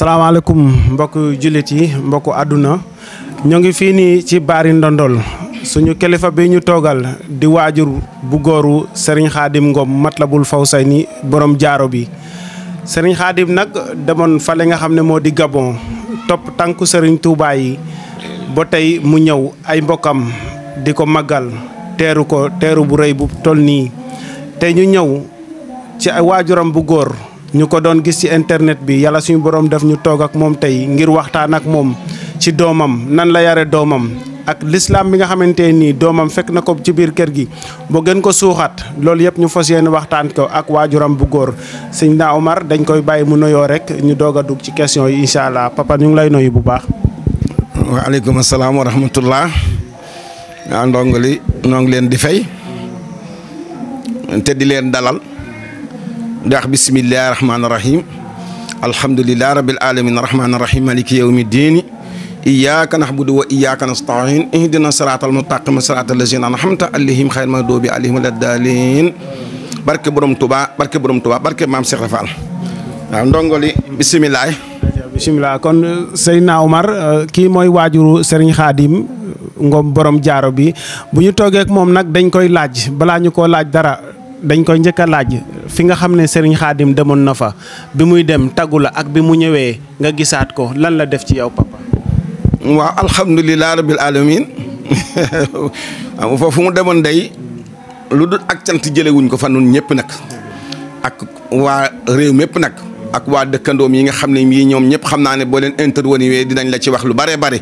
salaamaaleykum mbokk jullit yi mbokk àdduna ñoo ngi fii nii ci baari Ndondol suñu kilifa bi ñu toogal di waajur bu góoru Serigne Khadim Ngom Matlabul ni boroom jaaro bi sëriñ xaadim nag demoon fale nga xam ne moo di Gabon topp tànku sëriñ tuubaay yi ba tey mu ñëw ay mbokkam di ko màggal teeru ko teeru bu rëy bu toll nii te ñu ñëw ci ay waajuram bu góor ñuko gisi doon gis ci internet bi yalla suñu borom daf ñu mom ak mom tay ngir waxtaan ak mom ci domam nan la yare domam ak l'islam bi nga xamanteni domam fek nako ci bir kër gi bo gën ko suxat lool yëpp ñu fas waxtaan ko ak wajuram bu gor seigne Omar dañ koy bàyyi mu nyutogaduk rek ñu doga dug ci question yi inshallah papa ñu ngi lay noyu bu baax. alaykum assalam wa rahmatullah nga ndongali di fay te di leen dalal. ndax bisimillahi rahmaani rahim alhamdulilahi rabil alamin rahmaani rahim maliki yawmi diini iyyaka nahbudu wa iyyaka nasta'in ihdina siraatal ma siraatal lazina an'amta alayhim xayril maghdubi alayhim wala daalin barke borom Touba barke borom Touba barke maam Cheikh Fall waaw ndongoli bisimilah. bisimilah kon Seydina Omar euh, kii mooy waajuru Serigne Khadim Ngom borom jaaro bi bu ñu toogee moom nag dañ koy laaj balaa ñu koo laaj dara. dañ koy njëkk a laaj fi nga xam ne Serigne Khadim demoon na fa bi muy dem taggu la ak bi mu ñëwee nga gisaat ko lan la def ci yow papa. waaw alhamdulilah rabil alamin foofu mu demoon day lu dul ak cant jëlewuñ ko fa nun ñëpp nag ak waa réew mépp nag ak waa dëkkandoom yi nga xam ne yii ñoom ñëpp xam naa ne boo leen intervenir dinañ la ci wax lu bare bare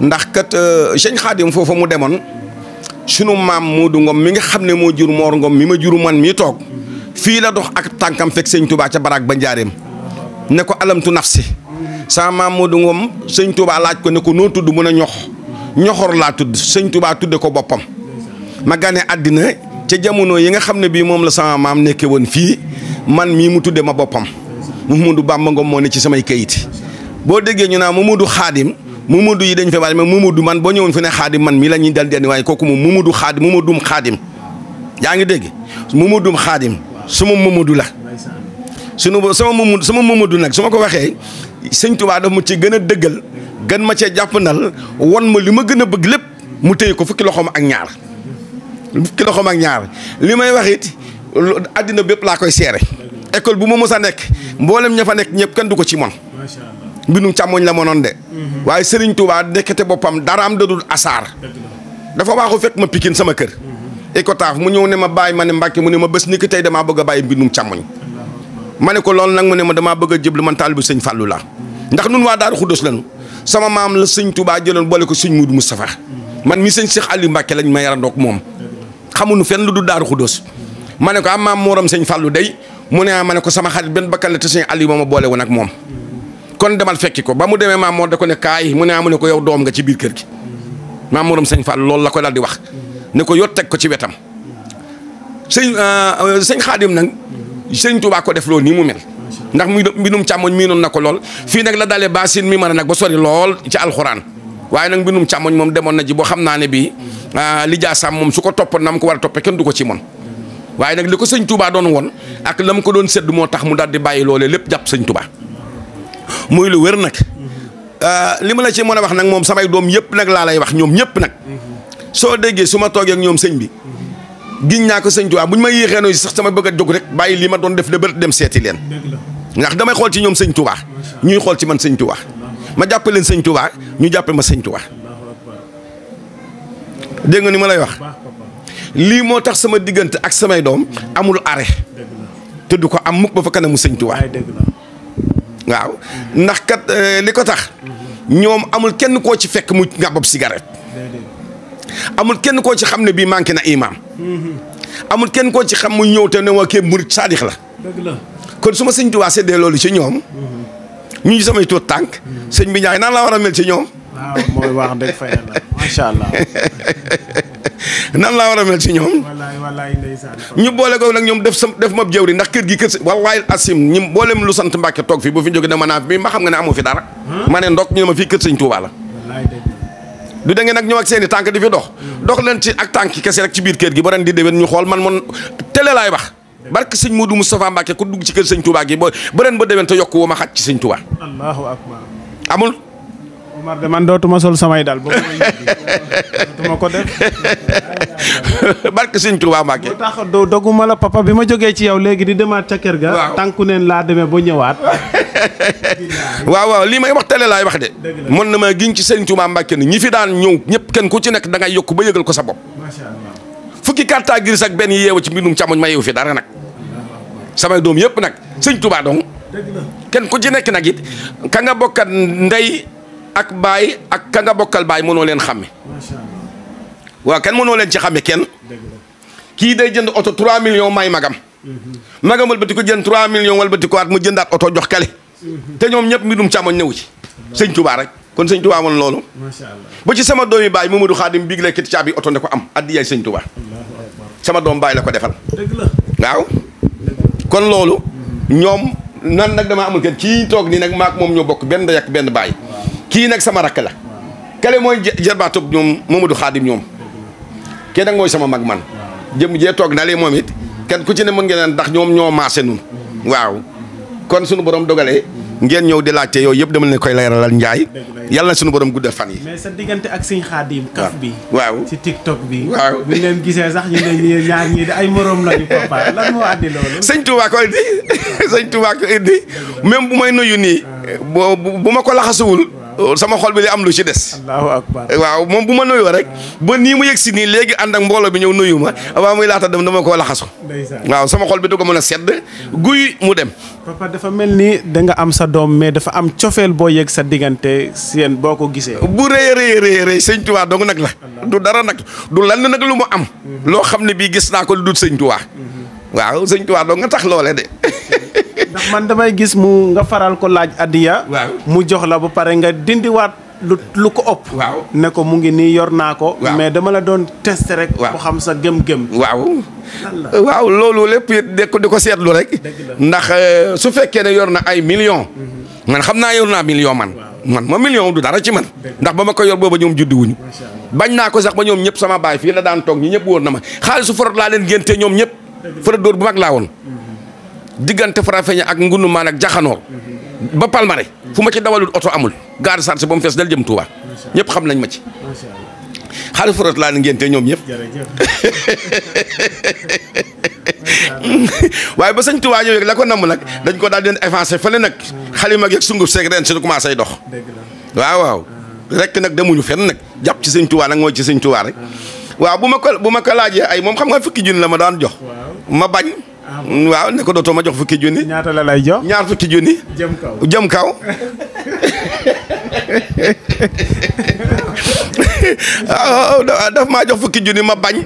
ndax kat euh, Serigne Khadim foofu mu demoon. sunu maam mu du ngoom mi nga xam ne moo jur Moor ngoom mi ma juru man mii toog fii la dox ak tànkam fekk sëñ Touba ca baraag ba njaareem ne ko alamtu si sama maam du ngoom sëñ Touba laaj ko ne ko noo tudd mun a ñox ñoxor laa tudd sëñ Touba tudde ko boppam. ma gane àddina ca jamono yi nga xam ne bii moom la sama maam nekke woon fii man mii mu tudde ma boppam Mouhamadou Bamba Ngom moo ne ci samay kayit boo déggee ñu naa Mamadou Xaadim Momadou yi dañ fi bari mais Momadou man boo ñëwoon fi ne xaadim man mii la ñuy dal di andi waaye kooku moom Momadou xaadim Momadoum xaadim yaa ngi dégg Momadoum xaadim suma Momadou la. sunu sama Momadou sama Momadou nag su ma ko waxee sëñ Tuubaa daf ma ci gën a dëggal gën ma cee jàppandal won ma li ma gën a bëgg lépp mu téye ko fukki loxoom ak ñaar fukki loxoom ak ñaar li may wax it àddina bépp laa koy seere école bu ma mës a nekk mboolem ña fa nekk ñëpp kenn du ko ci moom. mbindum càmmoñ la noon de. Mhm. waaye Serigne Touba nekkete boppam daraam dadul asaar. dafa waaxu fet ma Pikine sama kër. Ecotaaf mhm. mu ñëw ne ma bàyyi ma ne Mbàkke mu ne ma bés ni ki tey damaa bëgg a bàyyi mbindum càmmoñ. ma ne ko loolu nag mu ne ma damaa bëgg a jëblu man taalibu sëñ Fallou laa mhm. ndax nun waa Daaru Xuddos lañu sama maam la sëñ Touba jëloon boole ko sëñ Moudou Moustapha man mi sëñ Cheikh Aliou Mbacke lañ ma yarandoog moom xamuñu fenn lu du Daaru Xuddos ma ne ko am maam sëñ fallu day mu ne ma ne ko sama xarit benn bakkan la te sëñ Aliou ma boole woon ak moom kon demal fekki ko ba mu demee maam Mor da ko ne kaay mu ne ah mu ne ko yow doom nga ci biir kër gi maam Moram sëñ Fall loolu la ko daal di wax ne ko yot teg ko ci wetam sëñ euh, sëñ Xaadim nag sëñ Tuubaa ko def loolu nii mu mel. ndax muy mbindum càmmoñ miinoon na ko lool fii nag la dalee baasin mi mën a nag ba sori lool ci alxuraan waaye nag mbindum càmmoñ moom demoon na ji boo xam naa ne bii euh, li jaasaam moom su ko toppoon na mu ko war a toppee kenn du ko ci mon waaye nag li ko sëñ Tuubaa doon woon ak la mu ko doon sédd moo tax mu daal di bàyyi loolee lépp jàpp sëñ muy lu wér nag euh, li ma la ci mën a wax nag moom samay doom yëpp nag laa lay wax ñoom ñëpp nag soo déggee su ma toogee ñoom sëñ bi giñ naa ko sëñ Tuubaa bu ñu ma yéexee noonu sax sama bëgg a jóg rek bàyyi lii ma doon def de bërët dem seeti leen ndax damay xool ci ñoom sëñ Tuubaa ñuy xool ci man sëñ Tuubaa ma jàppe leen sëñ Tuubaa ñu jàppe ma sëñ Tuubaa dégg nga ni ma lay wax lii moo tax sama diggante ak samay doom amul arrêt te du ko am mukk ba fa kanamu sëñ Tuubaa waaw ndax kat euh, li ko tax ñoom amul kenn koo ci fekk mu ngàbbab cigarette amul kenn koo ci xam ne bii manqué na imaam amul kenn koo ci xam mu ñëw te ne waa kii murit saadix la kon su ma sëñ Tuubaa seddee loolu ci ñoom ñu ngi samay tuut tànk sëñ bi ñaay naan laa war a mel ci ñoom waaw macha allah nan laa war a mel ci ñoom. ñu boole ko nag ñoom def sa def mab jëwri ndax kër gi kër si wallaay asim ñi mboolem lu sant Mbàkke toog fi bu fi jógee dama naa fi ma xam nga ne amu fi dara. Hmm? ma ne ndokk ne ma fii kër sëñ Tuubaa la. du da ngeen ñëw ak seen i tànk di fi dox. Hmm. dox leen ci ak tànk kese rek ci biir kër gi ba ren di déwén ñu xool man man télé laay wax. barke sëñ Modou Moustapha Mbacke ku dugg ci kër sëñ Touba gi ba ba ren ba déwén te yokk wu ma xaj ci sëñ Touba. Omar de man dootuma sol samay dal ba dootuma ko def. barke sëñ Tuubaa Mbàkke. bu doguma la papa bi ma jógee ci yow léegi di demaat ca kër ga. waaw tànku neen laa demee boo ñëwaat. waaw waaw lii may wax tele laay wax de. mën na maa giñ ci sëñ Tuubaa Mbàkke ni ñi fi daan ñëw ñëpp kenn ku ci nekk da ngay yokk ba yëgal ko sa bopp. fukki kàttaa giris ak benn yeewu ci mbindum camuñ ma yeewu fi dara nag. samay doom yëpp nag sëñ Tuubaa dong. kenn ku ci nekk nag it ka nga ndey ak baay ak ka nga bokkal baay mënoo leen xàmme waaw kenn mënoo leen ci xàmme kenn kii day jënd oto 3 millions may magam magam walbati ko jënd 3 millions walbati ko at mu jëndaat oto jox kale te ñoom ñëpp mbirum càmmoñ ñëwu ci sëñ Tuubaa rek kon sëñ Tuubaa woon loolu ba ci sama doomi baay Mamadou Xaadim biig la kiti caabi oto ne ko am addiyaay sëñ Tuubaa sama doom baay la ko defal waaw kon loolu ñoom nan nag damaa amul kenn kii toog nii nag maak moom ñoo bokk benn ndey ak benn baay kii nag sama rakk la kale mooy jarbaatub ñoom Mamadou Xaadim ñoom kii nag mooy sama mag man jëm jee toog na moom it kenn ku ci ne mën ngeen ndax ñoom ñoo maase nun waaw kon sunu borom dogale ngeen ñëw di laajte yooyu yëpp dama leen koy leeralal njaay yàlla na suñu borom guddal fan yi. mais diggante ak sëñ Xaadim. kaf bi waaw ci TikTok bi. sax ñu ay morom lañu papa lan moo andi sëñ Touba ko indi sëñ Touba ko bu may noyu nii. bu ma ko laxasuwul. Euh, sama xol bi li am lu ci des. allahu akbar waaw moom bu ma nuyoo rek. ba nii mu yegg si nii léegi ànd ak mbooloo bi ñëw nuyu ma avant muy laata dem dama koo laxasu. waaw sama xol bi du ko mën a sedd. guy mu dem. papa dafa mel ni da nga am sa doom mais dafa am cofeel boo yegg sa diggante seen boo ko gisee. bu rëy rëy rëy rëy sëñ dong nag la. du dara nag du lan nag lu mu am. Mhm. loo xam ne bii gis naa ko lu dul waaw sëñ Tuubaa do nga tax lolé de ndax man damay gis mu nga faral ko laaj adiya waaw mu jox la ba paré nga wat lu lu ko op waaw ne ko mu ngi ni yor na ko. mais dama la don test rek. waaw xam sa gem gem waaw. waaw lolou lepp it ko diko ko rek. ndax euh, su fekkee ne yor na ay mhm. million. man xamna yor na million man. man ma million du dara ci man. ndax bama ko yor bobu ñom juddu wuñu bañ na ko sax ba ñom ñep sama bay fi la daan tok ñi ñep woon na ma xaalisu forot la leen genté ñom ñep fële dóor bu mag laa woon diggante Farafeñe ak Ngunu maan Jaxanoor ba Palmarin fu ma ci dawalul oto amul gaar sarse ba mu fees dal jëm Touba ñëpp xam nañ ma ci xaalis forot laa ngénte ñoom ñëpp waaye ba sëñ Touba ñëwee la ko namm nag dañ ko daal di leen avancé fële nag xalima geeg sunguf seeg ren si lu commencé dox waaw waaw rek nag demuñu fenn nag jàpp ci sëñ Touba nag mooy ci sëñ Touba rek waaw bu ma ko ay moom xam nga fukki junni la ma daan jox ma bañ. waaw nekko ko dootoo ma jox fukki junni. ñaata la lay ñaar fukki junni. jëm kaw jëm kaw. Ah, ah, daf maa jox fukki junni ma bañ.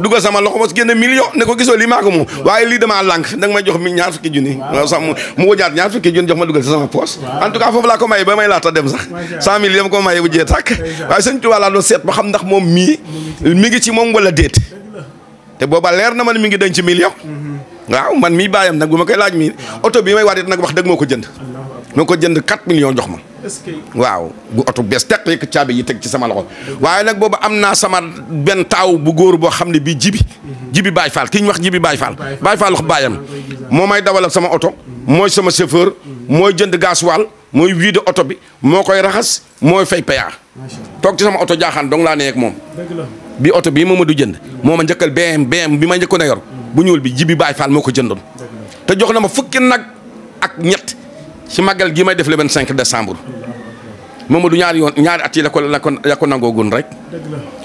dugal sama loxo mos génne million ne gisoo lii maa ko moom. waaye lii damaa lànk danga may jox mi ñaar fukki junni. mu mu ñaar fukki junni jox ma dugal ci sama poos. en tout cas foofu laa ko maye ba may laata dem sax. cent mille ko maye bu jee waaye sëñ Tuubaa laa seet xam ndax moom mii. mi ngi ci moom wala déet. te booba leer na ma ne mi ngi denc million mhm. waaw man mi bàyyam nag bu ma laaj mi oto bi may waat it nag wax dëgg moo ko jënd ma ko jënd 4 millions jox ma. waaw bu oto bees teq rek caabi yi teg ci sama loxo. waaye nag boobu am naa sama benn taaw bu góor boo xam ne bii jibi mhm. jibi Baye Fall ki ñu wax jibi Baye Fall. Baye Fall wax baayam moo may dawalal sama oto. Mhm. mooy sama chauffeur. Mhm. mooy jënd gasoil mooy wiide oto bi moo koy raxas mooy fay paya toog ci sama oto jaaxaan dong laa ne ak moom. bi moom ma du jënd. moo ma njëkkal BM BM bi ma njëkkoon a yor. bu ñuul bi jibi Baye moo ko jëndoon. te jox na ma fukki nag ak ñett. si màggal gi may def le 25 décembre Mamadou ñaari yoon ñaari at yi la ko la gun la ko nangoogun rek.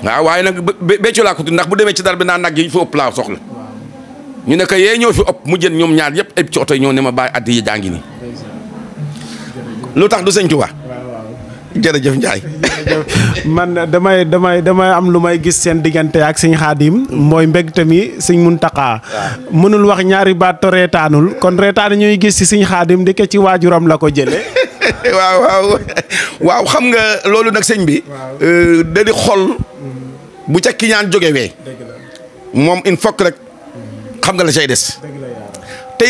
waaw waaye nag béccu laa ko tudd ndax bu demee ci dara bi naa nag yi fi ëpp laa soxla. ñu ne ko yee ñoo fi ëpp mu jën ñoom ñaar yëpp ay ci oto yi ñoo ne ma baay at yi jàngi nii. lu tax du sëñ Tuubaa jërëjëf Ndiaye. man damay damay damay am lu may gis seen diggante ak sëñ xaadim mooy mbégte mi sëñ Muntaxa mënul wax ñaari baat to reetaanul kon reetaan ñuy gis si sëñ xaadim di ko ci waajuram la ko jëlee. waaw waaw xam nga loolu nag sëñ bi. Euh, da xol bu ca kiñaan jóge wee moom il faut rek xam nga la cay des. te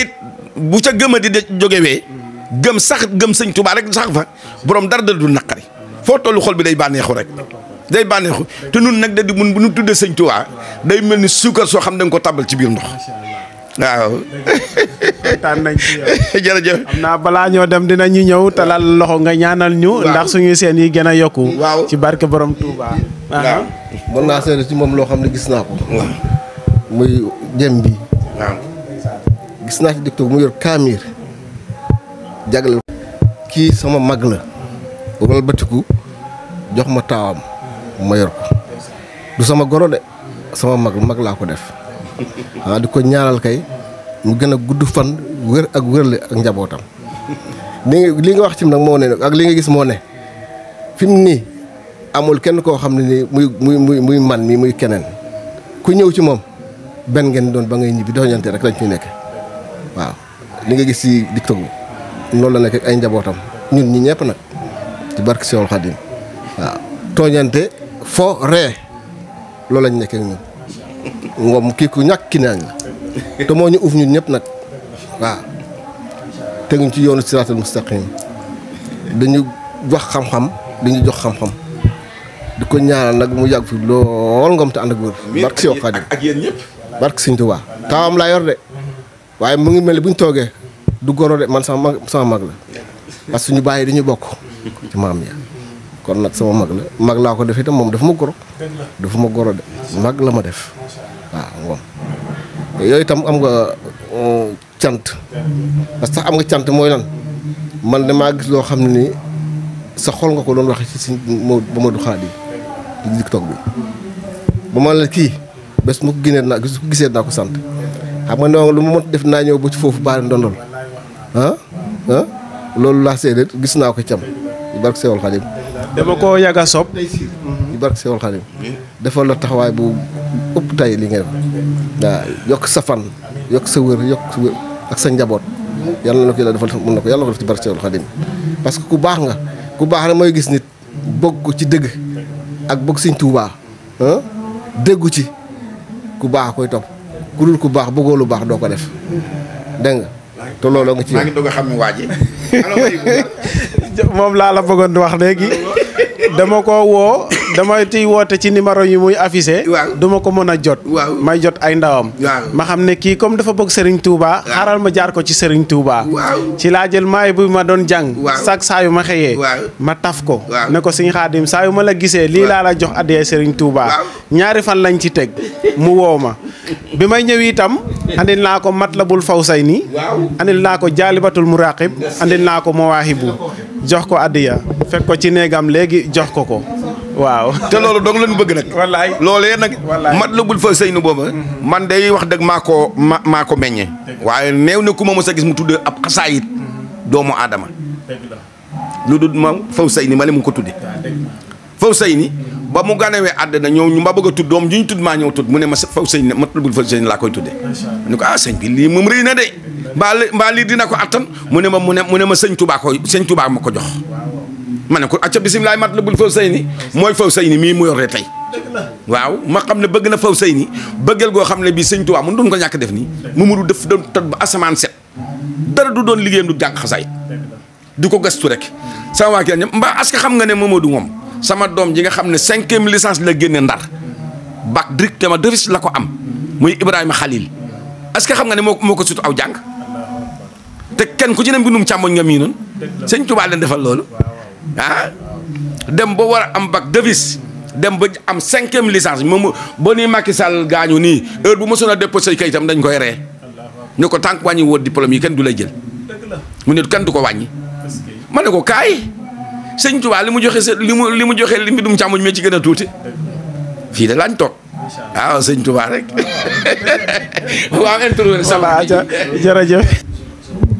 bu ca gëma di jóge wee mm. gëm sax gëm sëñ Tuubaa rek sax fa borom dara du naqari foo tollu xol bi day bànneexu rek day bànneexu te nun nag da di mun bu nu tuddee sëñ Tuubaa day mel ni suukar soo xam da nga ko tabal ci biir ndox waaw. kontaan nañ ci naa balaa ñoo dem dina dinañu ñëw talal loxo nga ñaanal ñu. ndax suñuy seen yi gën a yokku. waaw ci barke borom Touba. waaw naa seetlu si moom loo xam ne gis naa ko. muy jëm bi. gis naa ci dëkk mu yor kaamir. jagal ki sama mag la batiku jox ma tawam ma yor ko du sama goro de sama mag mag la ko def ha di ko ñaaral kay mu gëna guddu fan wër ak wérle ak njabotam li li nga wax ci nak mo ne ak li nga gis mo ne fim ni amul kenn ko xamni ni muy muy muy muy man mi muy kenen ku ñew ci mom ben ngeen doon ba ngay ñibbi doxante rek lañ fi nekk waaw li nga gis ci diktagu loolu la nekk ak ay njabootam ñun ñi ñëpp nag ci barke Seexul Xadim waaw tooñante fo ree loolu lañ nekk ak ñun moom kii ku ñàkk ki naañ la te moo ñu uuf ñun ñëpp nag waaw teguñ ci yoonu siraatal mustaqim dañu wax xam-xam dañu jox xam-xam di ko ñaanal nag mu yàgg fi lool ngom te ànd ak wér barke Seexul Xadim ak yéen taawam laa yor de waaye mu ngi mel ni buñ toogee du goro de man sama mag sama mag la parce que ñu bàyyi dañu ci mam ya kon nak sama mag la mag la ko def itam mom dafa ma goro dafa goro de mag la ma def wa ngom, yoy itam am nga tiant euh, parce que am nga tiant moy lan man dama gis lo xamni ni sa xol nga ko don wax ci ma di TikTok bi bu ma la ki bes mu ko na naa gis na ko sante xam nga no lu mu def na ñew bu ci fofu baari ndondol ah loolu laa seede gis naa ko cam yu barke Sewol Xadim dama ko yàgg a sob yu barke Sewol Xadim defal la taxawaay bu ëpp tay li ngay yokk sa fan yokk sa wër yokk sa wër ak sa njaboot yàlla na ko yàlla defal mën na ko yàlla na ko def ci barke Sewol Xadim parce que ku baax nga ku baax rek mooy gis nit bëgg ko ci dëgg ak bëgg Sëñ Tuubaa déggu ci ku baax koy topp ku dul ku baax bëggoo lu baax doo ko def dégg nga te looloo nga ci maa ngi doog xam ne waa ji moom laa la bëggoon wax léegi. dama ko woo dama ciy woote ci numéro yi muy affiché. waaw du ko mën a jot. waaw may jot ay ndawam. ma xam ne kii comme dafa bëgg Serigne Touba. xaaral ma jaar ko ci Serigne Touba. ci laa jël maay bu ma doon jàng. chaque saa yu ma xëyee. ma taf ko. ne ko Serigne Khadim saa yu ma la gisee. lii laa la jox addee Serigne Touba. ñaari fan lañu ci teg mu woo ma. bi may ñëw itam. andil naa ko mat matlabul fawsayni. andil naa ko jaalibatul muraqib. andil naa ko mawaahibu jox ko addiya fekk ko ci néegam léegi jox ko ko waaw te loolu doon lañu bëgg nag wallaay loolee nag mat la bul fa sëy nu booba mhm. man day wax dëgg maa ko ma maa ko meññe waaye neew na ku ma mos a gis mu tudd ab xasaayit mhm. doomu aadama lu dul ma faw sëy ni ma le mu ko tudde faw sëy ni ba mu ganewee àddina ñëw ñu ma bëgg tudd doom ju ñu tudd maa ñëw tudd mu ne ma faw sëñ ne ma tudd faw sëñ laa koy tuddee ñu ko ah sëñ bi na de mbaa mbaa lii dina ko attan mu ne ma mu ne mu ne ma sëñ tubaa ko sëñ tubaa ma ko jox ma ne ko acca bisimilaay mat la bul faw sëy ni mooy faw sëy ni mii mu yoree tey waaw ma xam ne bëgg na faw sëy ni bëggal goo xam ne bii sëñ tubaa mun doon ko ñàkk def nii mu mudu def doo toj ba asamaan set dara du doon liggéeyam du jàng xasaay du ko gastu rek sama waa kër ñëpp mbaa que xam nga ne Mamadou moom sama doom ji nga xam ne cinquième licence la génne ndar bac ma devis la ko am muy Ibrahima Khalil est-ce que xam nga ne moo moo ko sutu aw jàng te kenn ku ci ne mbindum càmmoñ nga mii noonu sëñ Tuubaa leen defal loolu ah dem ba war a am bac devis dem ba am cinquième licence moom ba nii Macky Sall gaañu nii heure bu mosoon a kay tam dañ koy ree ñu ko tànk wàññi woo diplôme yi kenn du lay jël mu ne kenn du ko wàññi ma ne ko kaay sëñ Tuubaa li mu joxe sa li mu li mu joxe li mbindum càmmoñ mi ci gën a tuuti fii de lañ toog. waaw ah, sëñ Tuubaa rek waaw introduire sama aja jërëjëf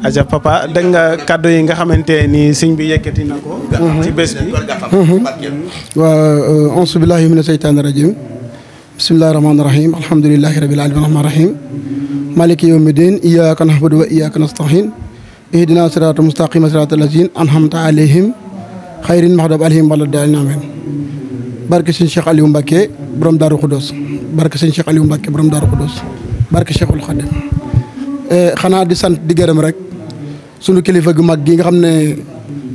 aja papa dégg nga kàddu yi nga xamante ni sëñ bi yëkkati na ko ci bés bi mhm. waaw euh, ansu billahi mina seytaani rajim bismillahi rahmaani rahim alhamdulillahi rabbil alamin rahmaani rahim maliki yawmi din iyyaka na'budu wa iyyaka nasta'in ihdina sirata mustaqima sirata allazina an'amta alayhim xayrin maxdab alhim wala daalin amin barke sëñ Cheikh Aliou Mbacke borom Daaru Khoudoss barke sëñ Cheikh Aliou Mbacke borom Daaru Khoudoss barke Cheikhul Khadim eh, xanaa di sant di gërëm rek sunu kilifa gu mag gi nga xam ne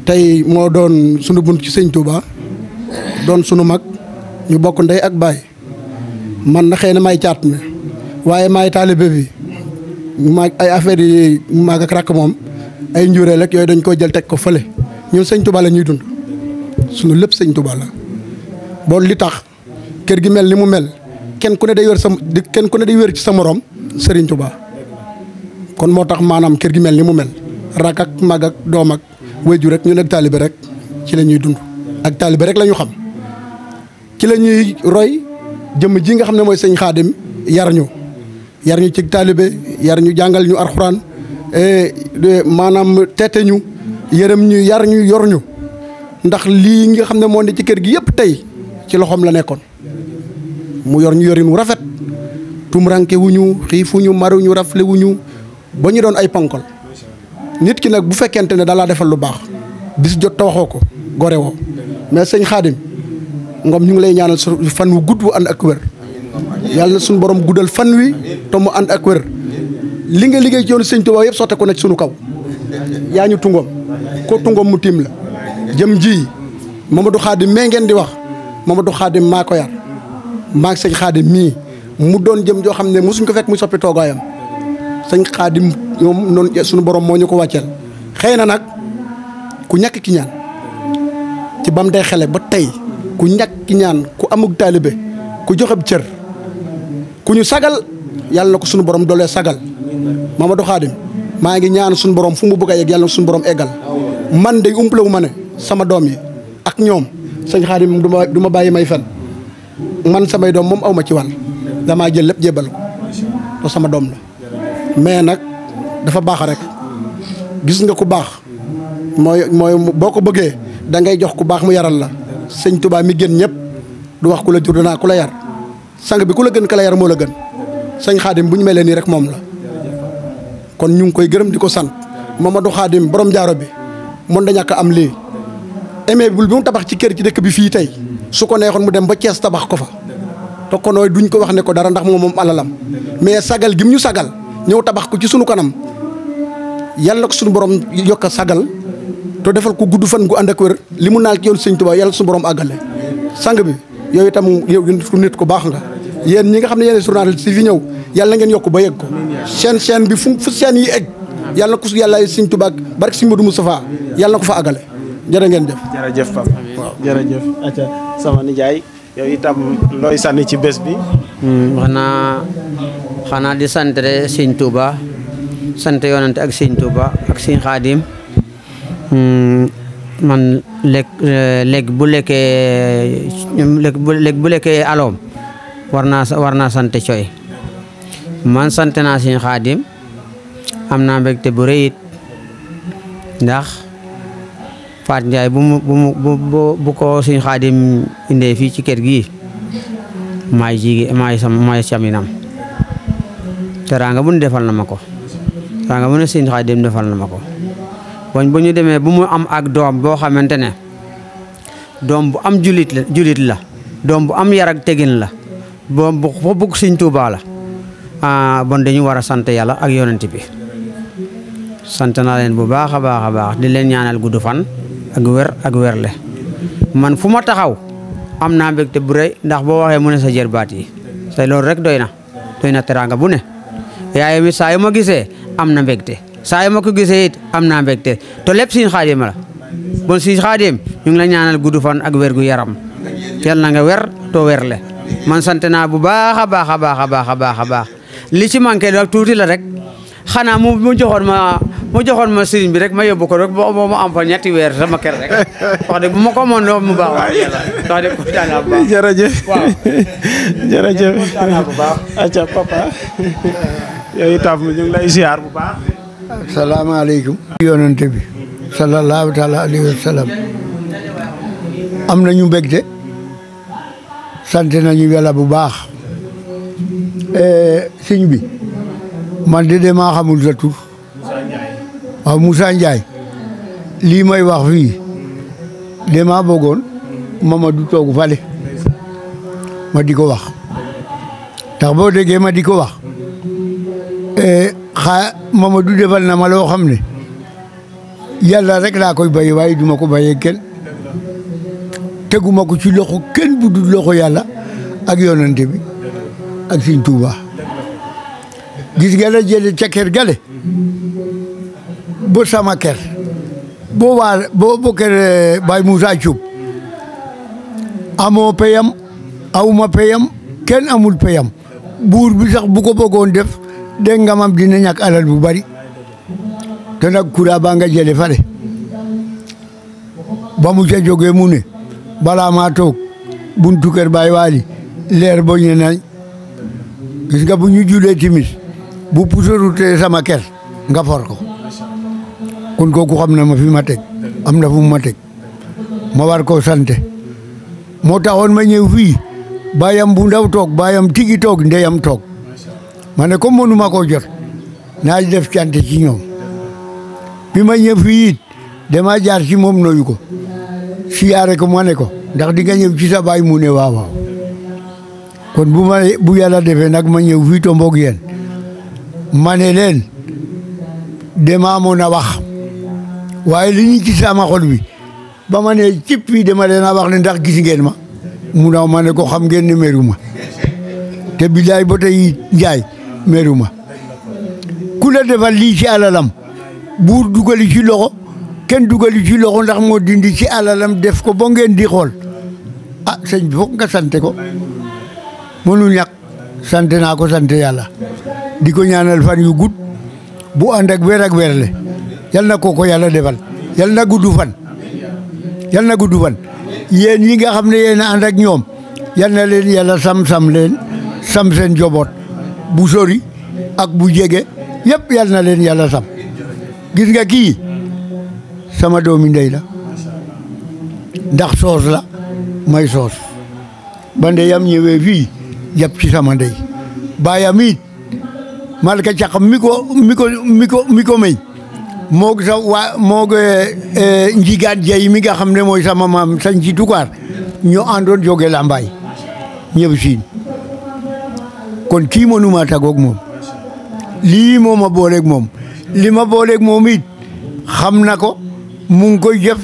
tey moo doon sunu bunt ci sëñ Touba doon sunu mag ñu bokk ndey ak baay man na xëy na may caat mi waaye maay taalibe bi maag ay affaire yi maag ak rakk moom ay njuureel rek yooyu dañ koy jël teg ko fële ñun sëñ Touba la ñuy dund. sunu lépp sëñ tubaa la bon li tax kër gi mel ni mu mel kenn ku ne day wér sa kenn ku ne day wér ci sa morom sëriñ Tuubaa kon moo tax maanaam kër gi mel ni mu mel rak ak mag ak doom ak wéju rek ñun ak taalibe rek ci la ñuy dund ak taalibe rek la xam ci la ñuy roy jëmm ji nga xam ne mooy sëñ xaadim yar ñu yar ñu ci taalibe yar ñu jàngal ñu arxuraan eh, maanaam teete ñu yërëm ñu yar ñu yor ñu ndax lii nga xam ne moo ne ci kër gi yëpp tey ci loxoom la nekkoon mu yor ñu yorin wu rafet tumranke wuñu xiifuñu maruñu rafle wuñu ba ñu doon ay ponkol nit ki nag bu fekkente ne dalaa defal lu baax bis jot ta ko gore woo mais sëñ xaadim ngoom ñu ngi lay ñaanal fan wu gudd wu ànd ak wér yàlla na suñu borom guddal fan wi te mu ànd ak wér li nga liggéey ci yoonu sëñ Tuubaa yëpp sotte ko na ci suñu kaw yaa ñu tungoom ko tungoom mu tiim la jëm ji Mamadou Khadim mee ngeen di wax Mamadou Khadim maa ko yar maa sëñ Khadim mii mu doon jëm joo xam ne mosuñ ko fekk muy soppi toogaayam sëñ Khadim moom noonu suñu borom ko ku ñàkk ki ñaan ci bam day xele ba tey ku ñàkk ki ñaan ku amug ku cër ku ñu sagal yàlla ko suñu borom sagal Mamadou Khadim maa ñaan suñu borom fu mu bëgg a yegg suñu borom man day sama doom yi ak ñoom sëñ Xaadim du ma du ma bàyyi may fen man samay doom moom aw ma ci wàll damaa jël lépp jébal ko sama doom la mais nag dafa baax rek gis nga ku baax mooy mooy boo ko bëggee dangay jox ku baax mu yaral la sëñ tubaab mi gën ñëpp du wax ku la jur danaa ku la yar sang bi ku la gën ka la yar moo la gën sëñ Xaadim bu ñu melee nii rek moom la kon ñu ngi koy gërëm di ko sant Mamadou Xaadim borom jaaro bi mën da ñàkk am lii immeuble bi mu tabax ci kër ci dëkk bi fii tey su ko neexoon mu dem ba cees tabax ko fa te konooy duñ ko wax ne ko dara ndax moom moom alalam mais sagal gi mu ñu sagal ñëw tabax ko ci sunu kanam yal na ko suñu borom yokk sagal te defal ko gudd fan gu ànd li mu naal ci yoon sëñ yàlla suñu borom àggale sang bi yow itam yow nit ku baax nga yéen ñi nga xam ne yéen journaliste yi fi ñëw na ngeen yokk ba yegg ko seen seen bi fu fu seen yi egg yàlla na ko yàlla sëñ Tuubaa barke sëñ Modou Moustapha yàlla na ko fa àggale jërë ngeen jëf. jërëjëf waaw jërëjëf. atia sama nijaay yow itam looy sànni ci bés bi. Hmm, xanaa xanaa di sant rek sëñ Touba sant yoonante ak sëñ Touba ak sëñ Xaadim hmm, man lekk lekk bu lekkee bu lekkee aloom war naa war naa sant coy man sant naa sëñ Xaadim am naa mbégte bu rëy ndax. Faat Ndiaye bu mu bu mu bu ko suñu xaadim indee fii ci kër gii maay jigi maay sam maay caminam teraanga bu ñu defal na ma ko teraanga bu ne suñu xaadim defal na ma ko boñ bu ñu demee bu mu am ak doom boo xamante ne doom bu am julit la julit la doom bu am yar tegin la doom bu fa bugg suñ Tuubaa la ah bon dañu war a sant yàlla ak yonent bi sant naa leen bu baax a baax a baax di leen ñaanal gudd fan ak wer ak werle man fu ma taxaw am naa mbégte bu rëy ndax boo waxee mu ne sa baat yi te loolu rek doy na doy na teraanga bu ne yaay mi saa yu ma gisee am na mbegte saa yu ma ko gisee it am naa mbégte te lépp Sëriñ Xaadim la bon Sëriñ Xaadim ñu ngi la ñaanal gudd fan ak wér yaram yal na nga wer to werle man sant naa bu baax a baax a baax a baax a baax li ci manqué nag tuuti la rek xanaa mu joxoon ma mu joxoon ma serigne bi rek ma yóbbu ko rek bo mo am fa ñetti weer sama kër rek wax de bu mako ko mën mu baax wax de ko naa bu baax jërëjëf jërëjëf kontaan naa bu baax acca papa yow ñu lay ziar bu baax assalamu alaykum yonente bi sallallahu taala alayhi wa sallam am nañu mbégte sante nañu wela bu baax eh, serigne bi man de de ma xamul sa tur aw Moussa njaay lii may wax fii dama bëggoon du toog fale ma di ko wax tax boo déggee ma di ko wax eh, xa du defal na ma loo xam ne yàlla rek laa koy baye waaye duma ko bayee kenn teguma ko ci loxo kenn bu loxo yàlla ak yonante bi ak Sëñ Tuubaa gis nga la jële ca kër gale bo sama kër boo waa boo bo kër eh, Baye Moussa Thioub amoo payam awuma payam kenn amul payam buur bi sax bu ko bëggoon def dégg nga mam dina ñàkk alal bu bari te nag kuraa baa nga jele fale ba mu ca jógee mu ne balaa maa toog buntu kër Baye Waly leer boñ ne nañ gis nga bu ñu julee timis bu puso rutee sama kër nga for ko kon kooku xam na ma fi ma teg am na fu ma teg ma war ko sante moo taxoon ma ñëw fii baayam bu ndaw toog baayam tigi toog ndeyam toog ma ne comme mënuma koo jot naa def cant ci ñoom bi ma ñëw fii it jaar ci moom noyu ko siyaare ko ma ne ko ndax di nga ñëw ci sa baay mu ne waaw bu ma bu yàlla defee nag ma ñëw fii tomboog yéen ma leen damaa mën a wax waaye li ñu gis sama xol bi ba ma ne cip fii dama leen wax ne ndax gis ngeen ma mu naaw ma ne ko xam ngeen ne meru ma te billaay ba tey njaay meru ma ku la defal lii ci alalam buur dugali ci loxo kenn dugali ci loxo ndax moo dindi ci alalam def ko ba ngeen di xool a ah, sëñ bi nga sante ko mënu ñàkk sant naa ko sante yàlla di ko ñaanal fan yu gudd bu ànd ak le yal na ko ko yàlla defal yal na gudd fan yal na gudd fan yéen yi nga xam ne yéen a ànd ak ñoom yal na leen yàlla sam-sam leen sam seen joboot bu sori ak bu jege yépp yal na leen yàlla sam gis nga kii sama doomi ndey la ndax soos la may soos bande yam ñëwee fii jàpp ci sama ndey baayam it malka miko mi miko mi ko mi ko mi ko meñ moog sa waa moog eh, eh, njigaan jay mi nga xam ne mooy sama maam sa njiitukaar ñoo àndoon jóge Lambaay ñëw siin kon kii mënuma tagoog moom lii moo ma moom li ma booleeg moom it xam na ko mu koy jëf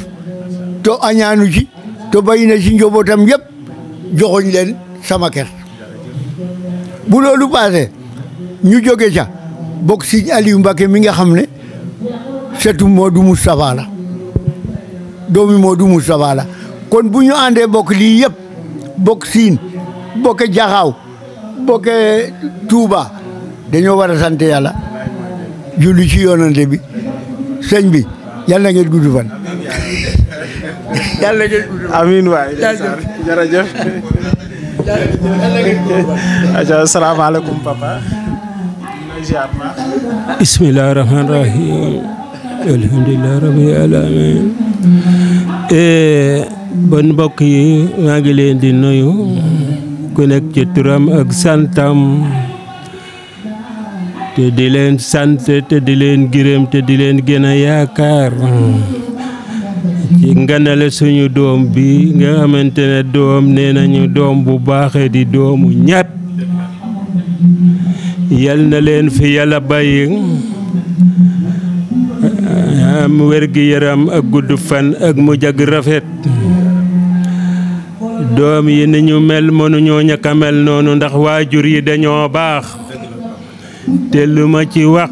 to añaanu ci to bay na ci njobootam yépp joxoñ leen sama kër bu loolu ñu jóge ca bok Sëñ Aliou Mbacké mi nga xam ne setu Modou Moustapha la doomi Modou Moustapha la kon bu ñu àndee bokk lii yëpp bokk siin bokke jaxaaw bokke Touba dañoo war a sant yàlla julli ci yoonante bi sëñ bi yàlla na ngeen gudd fan yàlla ngeen gudd fan amiin waay jërëjëf aja salaamaaleykum papa alhamdulilah rabbil alamin eh, bon mbokk yi maa ngi leen di nuyu ku nekk ci turam ak santam te di leen sant te di leen gërëm te di leen gën a yaakaar ci nganale suñu doom bi nga xamante ne doom nee nañu doom bu baaxee di doomu ñat yal na leen fi yàlla bàyyi am wér-gi-yaram ak gudd fan ak mujj ak rafet doom yi ni ñu mel mënuñoo ñàkk a mel noonu ndax waajur yi dañoo baax te lu ma ci wax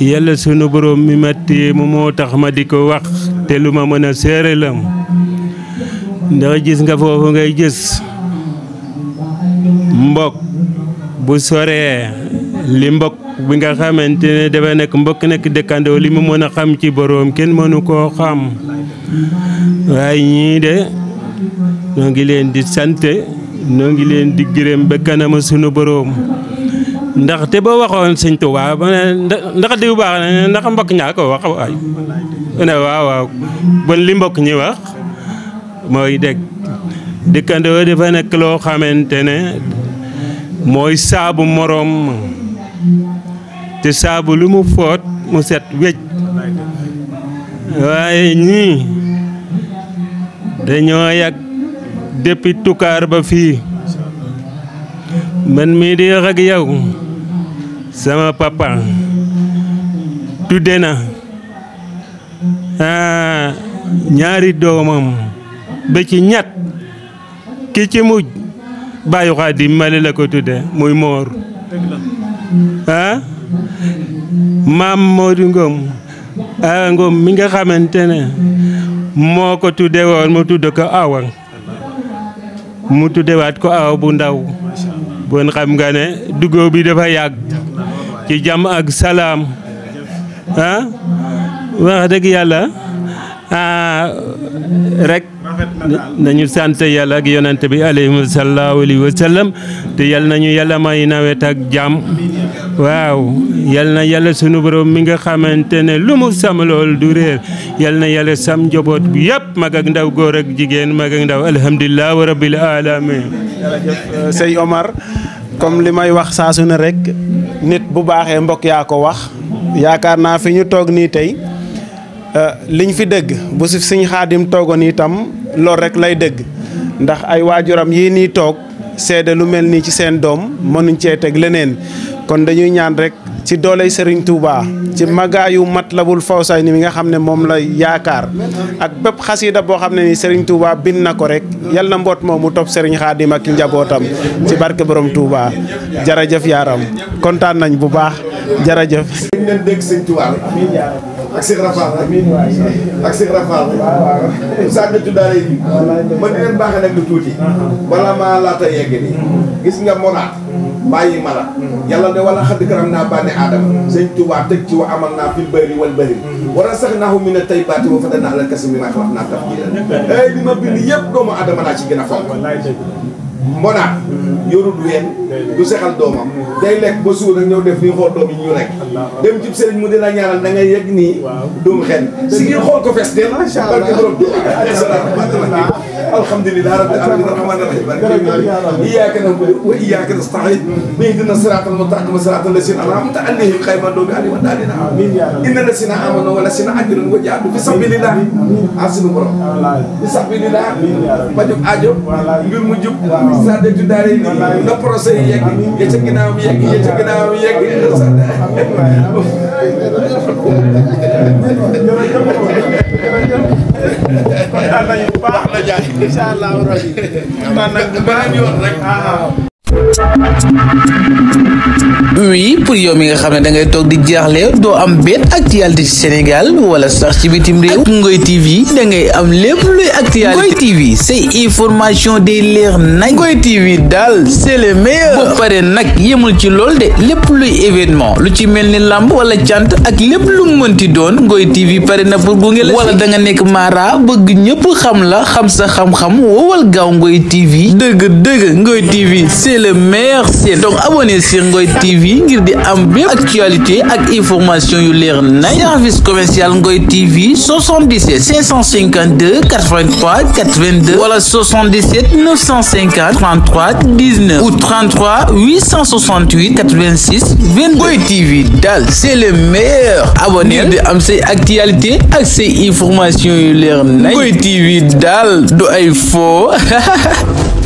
yàlla sunu borom mi ma téye moo tax ma di ko wax te lu ma mën a séere lam ndax gis nga foofu ngay gis mbokk bu soree limbok bi nga xamantene dafa nek mbok nek dëkkandoo li mu mën xam ci borom ken meunu ko xam way ñi de no ngi len di sante no ngi len di gërem be kanama suñu borom ndax te waxoon waxon señ ba ndax diw baax ndax mbok ñaa ko wax way ne wa wa bon limbok ñi wax moy dëgg dëkkandoo dafa nek lo xamantene ne sabu morom te saabu lu mu foot mu set wecc waaye ñii dañoo yàgg depuis tukaar ba fii man mi di wax ak sama papa tudde na ah, ñaari doomam ba ci ñett ki ci mujj bàyyi Xaadim Mali la ko tudde muy moor maam Modou ngoom Awa Ngom mi nga xamante ne moo ko tudde woon mu tudd ko Awa mu tuddewaat ko Awa bu ndaw bon xam nga ne duggoo bi dafa yàgg ci jàmm ak salaam ah wax dëgg yàlla ah, rek nañu sant yàlla ak yonent bi alayhi sallallahu te yàlla nañu yàlla may nawet ak jàmm waaw yal na yàlla sunu borom mi nga xamante ne lu mu sam lool du réer yal na yàlla sam njaboot bi yëpp mag ak ndaw góor ak jigéen mag ak ndaw alhamdulilah wa rabbil alamin jërëjëf euh, sëñ Omar comme li may wax saa su ne rek nit bu baaxee mbokk yaa ko wax yaakaar naa fi ñu toog nii tey euh, liñ fi dégg bu si sëñ Xaadim toogoon itam loolu rek lay dégg ndax ay waajuram yii nii toog. seede lu mel nii ci seen doom mënuñ cee teg leneen kon dañuy ñaan rek ci dooley Serigne Touba ci magaayu Matlabul Fawzayni mi nga xam ne moom la yaakaar ak bépp xasida boo xam ne ni Serigne Touba bind na ko rek yal na mboot moom mu topp Serigne Khadim ak njabootam ci barke borom Touba jërëjëf yaaram kontaan nañu bu baax jërëjëf. ak Cheikh Rafaal ak Cheikh Rafaal sànni tuddaale yi ma di leen baaxee nag tuuti bala maa laata yegg nii gis nga monaat bàyyi mala yàlla ne wala xadd karam naa bànne aadama sëñ Tuubaa teg ci wa amal naa fil bëri wal bëri wala sax naaxu mi ne tey baati wa fa danaa la kasi mi maa xalaat naa tax ji la ay li ma bind yëpp doomu aadama laa ci gën a fonk mbonaat yorut ween du sexal doomam day lekk ba suur nag ñëw def xool doom yi ñu lekk dem cib sëriñ mu di la ñaanal da ngay yegg nii doom xel si ngir xool ko fes dee macha allah barke borom alhamdulilah rabbil alamin rahman rahim barke iyyaka na'budu wa iyyaka nasta'in ihdina siratal mustaqim siratal lazina an'amta alayhim xayma doomi ali wa dalina amin inna lazina amanu wa lazina ajrun wa jaadu fi sabilillah asinu borom mu jub Saadatu Daarayni na procès yi yegg ya ca ginnaaw bi yegg ya ca ginnaaw bi yegg kontaan nañu bu baax la jaay incha allah rabi kontaan nañu bu baax yoon rek ah, ah. oui pour yow mi nga xam ne dangay toog di jaaxle doo am benn actualité ci Sénégal wala sax ci bitim réew ak Ngoy TV dangay am lépp luy actualité Ngoy TV say information day leer nañ Ngoy TV daal c'est le meilleur pare nag yemul ci lool de lépp luy événement lu ci mel ni làmb wala cant ak lépp lu mënti doon Ngoy TV pare na pour gunge la wala danga nekk mara bëgg ñëpp xam la xam sa xam-xam woowal gaaw Ngoy TV dëgg dëgg Ngoy TV le meilleur c'est donc abonné sur Ngoy TV ngir di am actualité ak information yu leer nay service commercial Ngoy TV 77 552 83 82 Voilà 77 950 33 19 ou 33 868 86 22 TV Dal, c'est le meilleur abonnez-vous am say actualité ak information yu leer TV Dal,